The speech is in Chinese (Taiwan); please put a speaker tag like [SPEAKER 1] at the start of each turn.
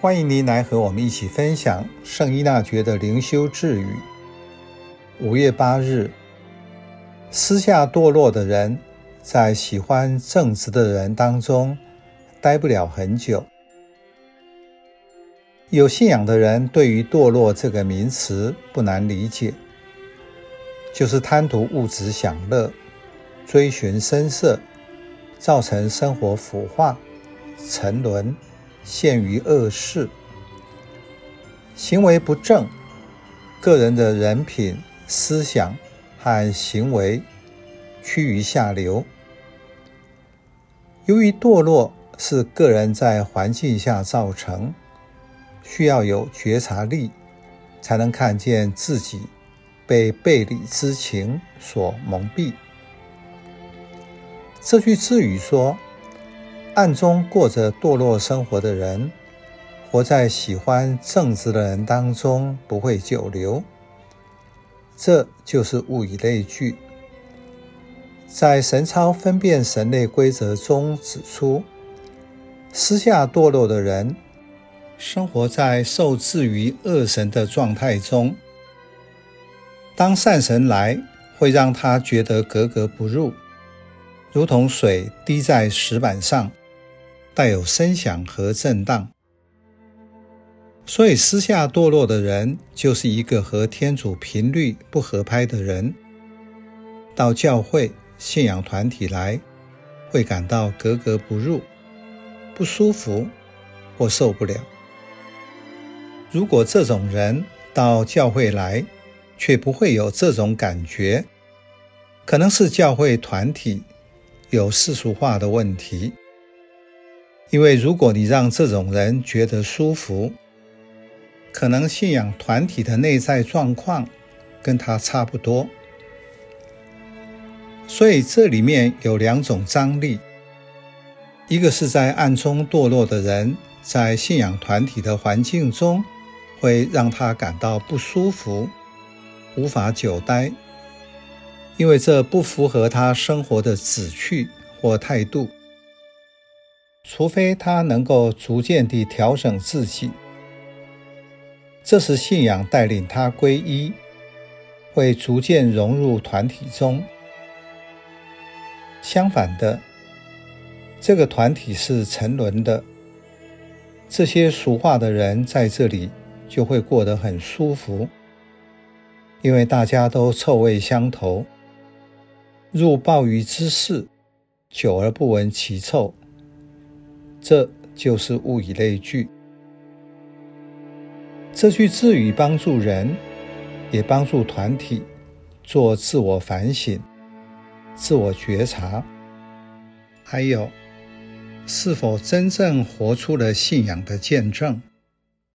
[SPEAKER 1] 歡迎您來和我們一起分享聖依納爵的靈修智語。五月八日，私下墮落的人，在喜歡正直的人當中，待不了很久。有信仰的人對於墮落這個名詞不難理解，就是貪圖物質享樂，追尋聲色，造成生活腐化、沉淪。陷於惡事，行為不正，個人的人品、思想和行為趨於下流。由於墮落是個人在環境下造成，需要有覺察力，才能看見自己被悖理之情所蒙蔽。這句智語說。暗中過着墮落生活的人，活在喜歡正直的人當中不會久留。這就是物以類聚。在神操分辨神類規則中指出，私下墮落的人，生活在受制於惡神的狀態中。當善神來，會讓他覺得格格不入，如同水滴在石板上。帶有聲響和震盪，所以私下墮落的人，就是一個和天主頻率不合拍的人。到教會信仰團體來，會感到格格不入、不舒服或受不了。如果這種人到教會來，卻不會有這種感覺，可能是教會團體有世俗化的問題。因為如果你讓這種人覺得舒服，可能信仰團體的內在狀況跟他差不多，所以這裡面有兩種張力：一個是在暗中墮落的人，在信仰團體的環境中，會讓他感到不舒服，無法久待，因為這不符合他生活的旨趣或態度。除非他能夠逐漸地調整自己，這時信仰帶領他皈依，會逐漸融入團體中。相反的，這個團體是沉淪的，這些俗化的人在這裡就會過得很舒服，因為大家都臭味相投，入鮑魚之肆，久而不聞其臭。這就是物以類聚。這句智語幫助人，也幫助團體做自我反省、自我覺察，還有是否真正活出了信仰的見證。